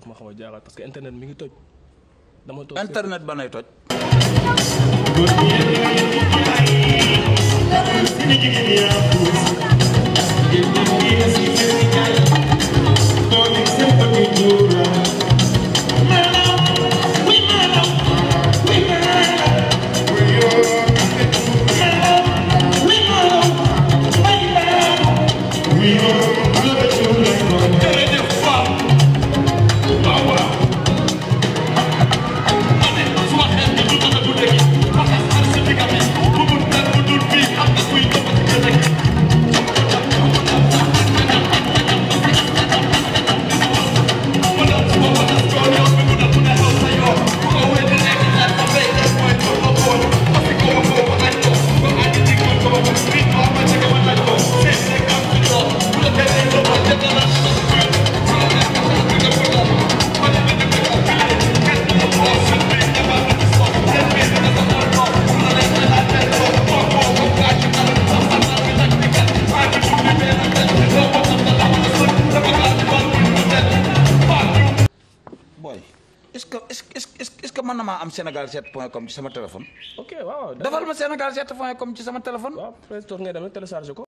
daf ma xaw a jaaxal que internet mi ngi toj. dama toog internet ba nay toj. est-ce que est-ce est que mën na maa am Sénégal 7 ci sama téléphone. defal ma Sénégal 7 point com ci sama téléphone. waaw Play ngay dem rek téléchargé ko.